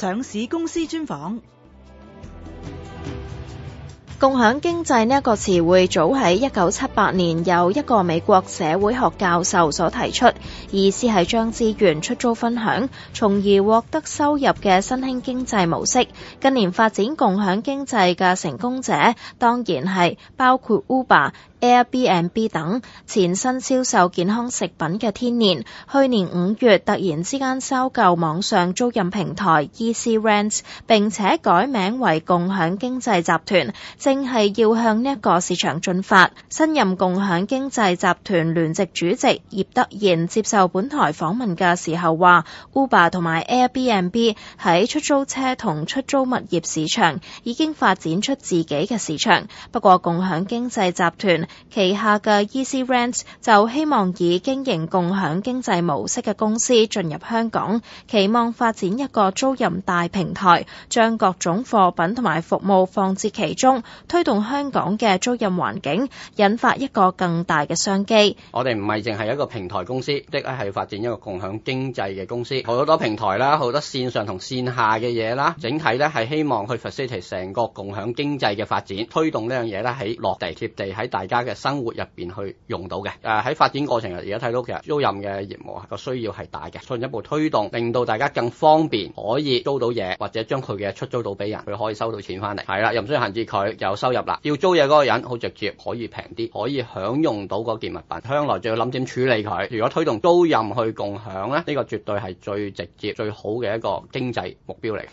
上市公司專訪。共享經濟呢一個詞彙早喺一九七八年由一個美國社會學教授所提出，意思係將資源出租分享，從而獲得收入嘅新興經濟模式。近年發展共享經濟嘅成功者當然係包括 Uber。Airbnb 等，前身銷售健康食品嘅天年，去年五月突然之間收購網上租賃平台 ECrent，並且改名為共享經濟集團，正係要向呢一個市場進發。新任共享經濟集團聯席主席葉德賢接受本台訪問嘅時候話：Uber 同埋 Airbnb 喺出租車同出租物業市場已經發展出自己嘅市場，不過共享經濟集團。旗下嘅 ECrent 就希望以經營共享經濟模式嘅公司進入香港，期望發展一個租賃大平台，將各種貨品同埋服務放置其中，推動香港嘅租賃環境，引發一個更大嘅商機。我哋唔係淨係一個平台公司，亦都係發展一個共享經濟嘅公司，好多平台啦，好多綫上同綫下嘅嘢啦，整體咧係希望去 facilitate 成個共享經濟嘅發展，推動呢樣嘢咧喺落地貼地喺大家。嘅生活入邊去用到嘅，誒喺發展過程入，而家睇到其實租賃嘅業務個需要係大嘅，進一步推動，令到大家更方便可以租到嘢，或者將佢嘅出租到俾人，佢可以收到錢翻嚟，係啦，又唔需要閒置佢，又有收入啦。要租嘢嗰個人好直接，可以平啲，可以享用到嗰件物品。將來仲要諗點處理佢，如果推動租賃去共享咧，呢個絕對係最直接、最好嘅一個經濟目標嚟。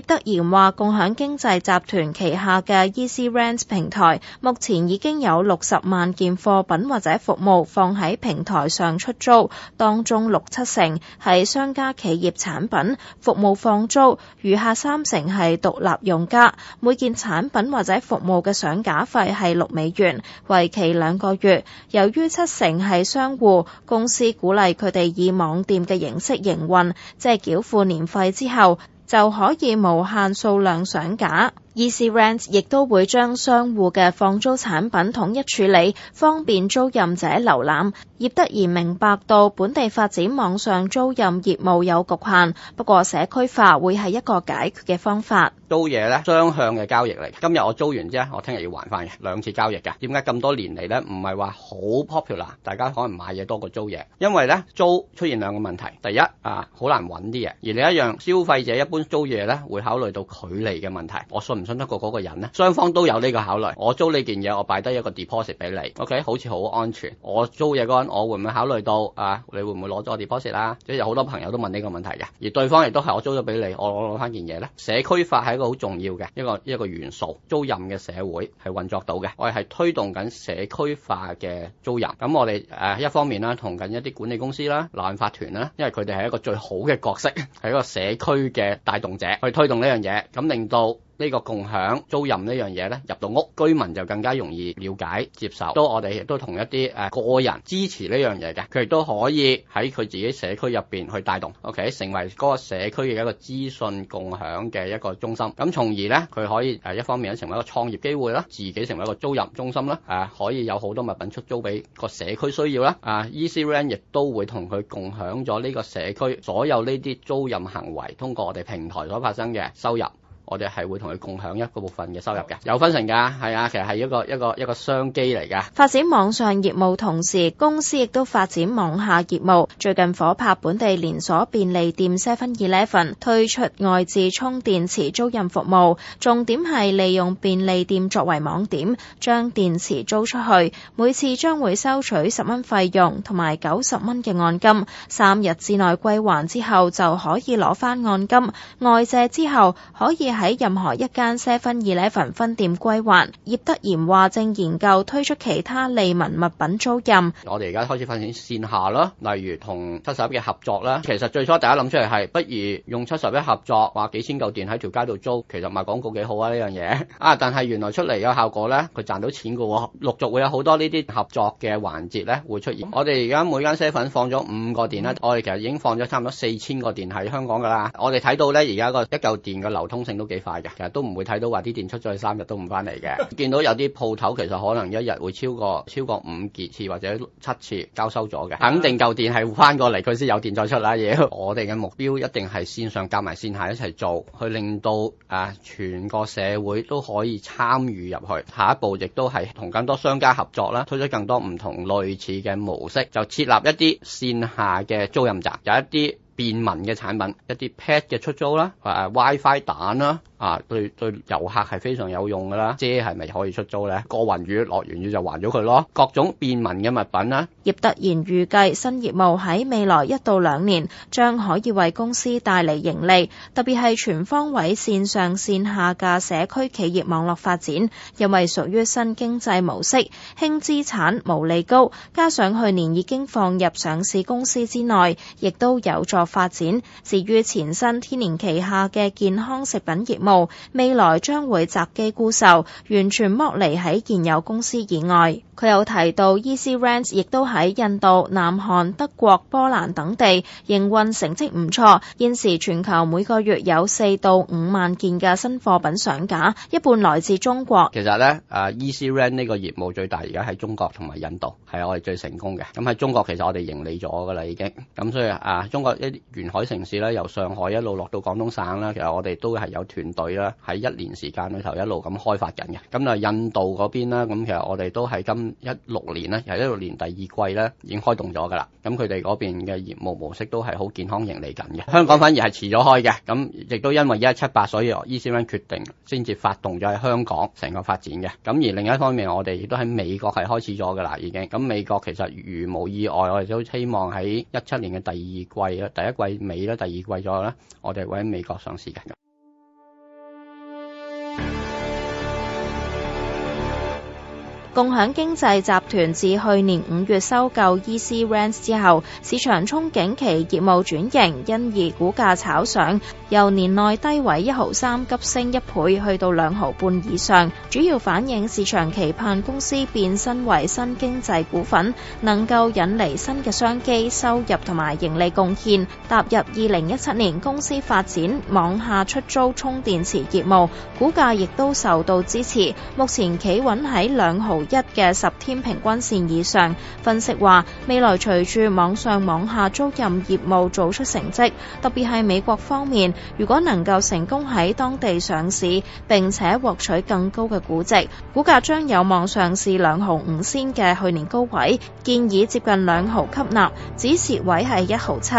葉德賢話，共享經濟集團旗下嘅 ECrent 平台，目前已經有六十萬件貨品或者服務放喺平台上出租，當中六七成係商家企業產品服務放租，餘下三成係獨立用家。每件產品或者服務嘅上架費係六美元，為期兩個月。由於七成係商戶，公司鼓勵佢哋以網店嘅形式營運，即係繳付年費之後，就可以無限數量上架。ECrent 亦都會將商戶嘅放租產品統一處理，方便租賃者瀏覽。葉德賢明白到本地發展網上租賃業務有局限，不過社區化會係一個解決嘅方法。租嘢咧雙向嘅交易嚟，今日我租完啫，我聽日要還返嘅，兩次交易嘅。點解咁多年嚟咧，唔係話好 popular？大家可能買嘢多過租嘢，因為咧租出現兩個問題，第一啊好難揾啲嘢，而另一樣消費者一般租嘢咧會考慮到距離嘅問題。我信。唔信得過嗰個人咧，雙方都有呢個考慮。我租呢件嘢，我擺低一個 deposit 俾你，OK，好似好安全。我租嘢嗰陣，我會唔會考慮到啊？你會唔會攞咗 deposit 啦？即係有好多朋友都問呢個問題嘅，而對方亦都係我租咗俾你，我我攞翻件嘢咧。社區化係一個好重要嘅一個一個元素，租賃嘅社會係運作到嘅。我哋係推動緊社區化嘅租賃咁，我哋誒一方面啦，同緊一啲管理公司啦、立案法團咧，因為佢哋係一個最好嘅角色，係一個社區嘅帶動者去推動呢樣嘢，咁令到。呢、這個共享租賃呢樣嘢呢，入到屋，居民就更加容易了解、接受。都我哋亦都同一啲個人支持呢樣嘢嘅，佢亦都可以喺佢自己社區入面去帶動。OK，成為嗰個社區嘅一個資訊共享嘅一個中心。咁從而呢，佢可以一方面成為一個創業機會啦，自己成為一個租賃中心啦、啊，可以有好多物品出租俾、啊 e、個社區需要啦。啊，ECrent 亦都會同佢共享咗呢個社區所有呢啲租賃行為，通過我哋平台所發生嘅收入。我哋係會同佢共享一個部分嘅收入嘅，有分成㗎，係啊，其實係一個一個一個商機嚟㗎。發展網上業務同時，公司亦都發展網下業務。最近夥拍本地連鎖便利店 seven eleven 推出外置充電池租賃服務，重點係利用便利店作為網點，將電池租出去，每次將會收取十蚊費用同埋九十蚊嘅按金，三日之內歸還之後就可以攞翻按金。外借之後可以。喺任何一間 seven Eleven 分店歸還。葉德賢話正研究推出其他利民物品租賃。我哋而家開始發展線下咯，例如同七十一嘅合作啦。其實最初大家諗出嚟係，不如用七十一合作，話幾千嚿電喺條街度租，其實賣廣告幾好啊呢樣嘢。啊，但係原來出嚟嘅效果咧，佢賺到錢噶喎。陸續會有好多呢啲合作嘅環節咧會出現。我哋而家每間 seven 放咗五個電啦，嗯，我哋其實已經放咗差唔多四千個電喺香港噶啦。我哋睇到咧，而家個一嚿電嘅流通性。都幾快嘅，其實都唔會睇到話啲電出咗去三日都唔翻嚟嘅。見到有啲鋪頭其實可能一日會超過超過五幾次或者七次交收咗嘅，肯定舊電係翻過嚟，佢先有電再出啦。要我哋嘅目標一定係線上夾埋線下一齊做，去令到啊全個社會都可以參與入去。下一步亦都係同更多商家合作啦，推出更多唔同類似嘅模式，就設立一啲線下嘅租賃站，有一啲，便民嘅產品，一啲 pad 嘅出租啦，WiFi 蛋啦，啊，對，對遊客係非常有用㗎啦。遮係咪可以出租呢？過雲雨落完雨就還咗佢咯。各種便民嘅物品啦。葉德賢預計新業務喺未來一到兩年將可以為公司帶嚟盈利，特別係全方位線上線下嘅社區企業網絡發展，因為屬於新經濟模式，輕資產、毛利高，加上去年已經放入上市公司之內，亦都有助。發展。至於前身天年旗下嘅健康食品業務，未來將會擇機沽售，完全剝離喺現有公司以外。佢又提到，ECrent 亦都喺印度、南韓、德國、波蘭等地營運成績唔錯，現時全球每個月有四到五萬件嘅新貨品上架，一半來自中國。其實呢，ECrent 呢個業務最大而家喺中國同埋印度，係我哋最成功嘅，咁喺中國其實我哋盈利咗噶啦，已經咁，所以啊，中國一沿海城市咧，由上海一路落到廣東省咧，其實我哋都係有團隊啦，喺一年時間裏頭一路咁開發緊嘅。咁啊，印度嗰邊咧，咁其實我哋都係今一六年咧，由一六年第二季咧已經開動咗噶啦。咁佢哋嗰邊嘅業務模式都係好健康盈利緊嘅。香港反而係遲咗開嘅，咁亦都因為一七八，所以 E 先生決定先至發動咗喺香港成個發展嘅。咁而另一方面，我哋亦都喺美國係開始咗噶啦，已經咁。美國其實如無意外，我哋都希望喺一七年嘅第二季啦、第一季尾啦、第二季左右啦，我哋會喺美國上市嘅。共享經濟集團自去年五月收購 ECrent 之後，市場憧憬其業務轉型，因而股價炒上，由年內低位一毫三急升一倍，去到兩毫半以上。主要反映市場期盼公司變身為新經濟股份，能夠引嚟新嘅商機收入同埋盈利貢獻。踏入二零一七年，公司發展網下出租充電池業務，股價亦都受到支持。目前企穩喺兩毫。一嘅十天平均線以上，分析話未來隨住網上網下租賃業務做出成績，特別係美國方面，如果能夠成功喺當地上市，並且獲取更高嘅估值，股價將有望上市兩毫五仙嘅去年高位，建議接近兩毫吸納，止蝕位係一毫七。